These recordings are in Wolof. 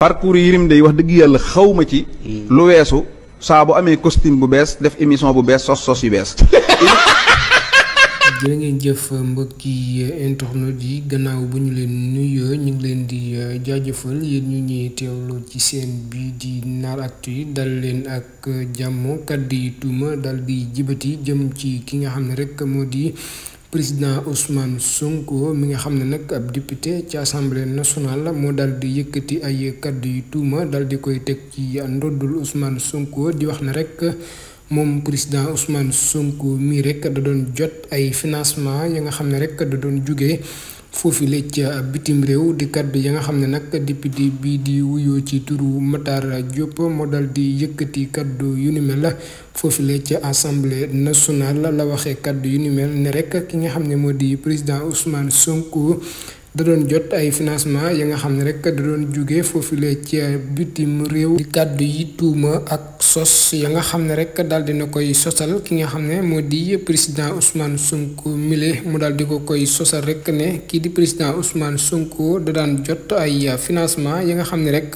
parcours yi nim day wax dëgg yàlla xaw ma ci. Hmm. lu weesu saa bu amee costume bu bees def émission bu bees sos sos yu bees. jërë ngeen jëf mbokki eh, internet yi gannaaw bu ñu leen nuyoo ñu ngi leen di eh, jaajëfal yéen ñu ñuy teewlu ci seen bi di Nar Actu dal leen ak eh, dal di jibati jëm ci ki nga rek président Ousmane Sonko mi nga xam ne nag ab député ci assemblée nationale moo dal di yëkkati ay kàddu yu tuuma dal di koy teg ci ndoddul Ousmane Sonko di wax ne rek moom président Ousmane Sonko mii rek da doon jot ay financement yi nga xam ne rek da doon jóge foofu la ca bitim réew di kaddu ya nga xam ne nag député bii di wuyoo ci turu Matar Diop moo dal di yëkkati kaddu yu ni mel la foofu la ca assemblée nationale la waxee kaddu yu ni mel ne rek ki nga xam ne moo di président Ousmane Sonko. da doon jot ay financement ya nga xam ne rek da doon jóge foofule ci bitim réew di kàddu yi tuuma ak sos ya nga xam ne rek daal dina koy sosal ki nga xam ne moo di président Ousmane Sonko mile mu daal di ko koy sosal rek ne kii di président Ousmane Sonko da daan jot ay financement ya nga xam ne rek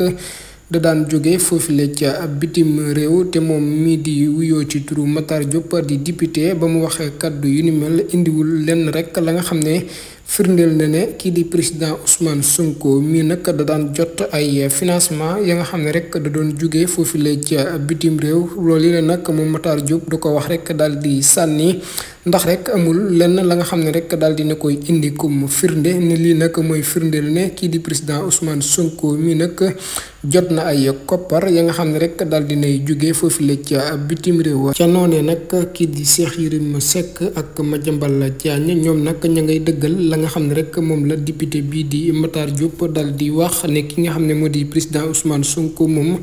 da daan jóge foofile ca bitim réew te moom mii di wuyoo ci turu Matar Diop di député ba mu waxee kàddu yu ni mel indiwul lenn rek la nga xam ne firndeel na ne kii di président Ousmane Sonko mi nag da daan jot ay financement ya nga xam ne rek da doon jóge foofu la ca bitim réew loolu la nag moom Matar Diop ko wax rek daal di sànni ndax rek amul lenn la nga xam ne rek daal di na koy indi comme firnde ne lii nag mooy firndeel ne kii di président Ousmane Sonko mi nag jot na ay koppar ya nga xam ne rek daal di nay jóge foofu la ca bitim réew. ca noonee nag kii di Cheikh Yérim Seck ak Madiambal Diagne ñoom nag ña ngay dëggal. la nga xam ne rek moom la député bii di Matar Diop dal di wax ne ki nga xam ne moo di président Ousmane sunk moom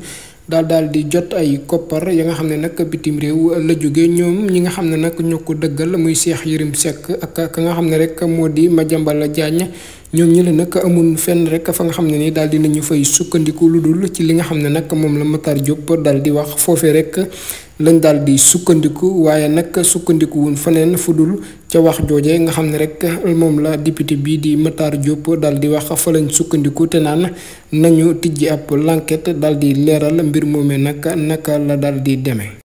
daal daal di jot ay koppar ya nga xam ne nag bitim réew la jóge ñoom ñi nga xam ne nag ñoo ko dëggal muy Cheikh Yérim Seck ak ka nga xam ne rek moo di Madiambal Diagne ñoom ñu ne nag fan fenn rek fa nga xam ne ni daal di nañu fay sukkandiku lu dul ci li nga xam ne nag moom la Matar Diop daal di wax foofee rek lañ daal di sukkandiku waaye nag sukkandiku wuñ feneen fu dul ca wax jooje nga xam rek moom la député bii di Matar Diop daal di wax fa lañ sukkandiku te naan nañu tijji ab l'enquête daal di mbir naka la daal di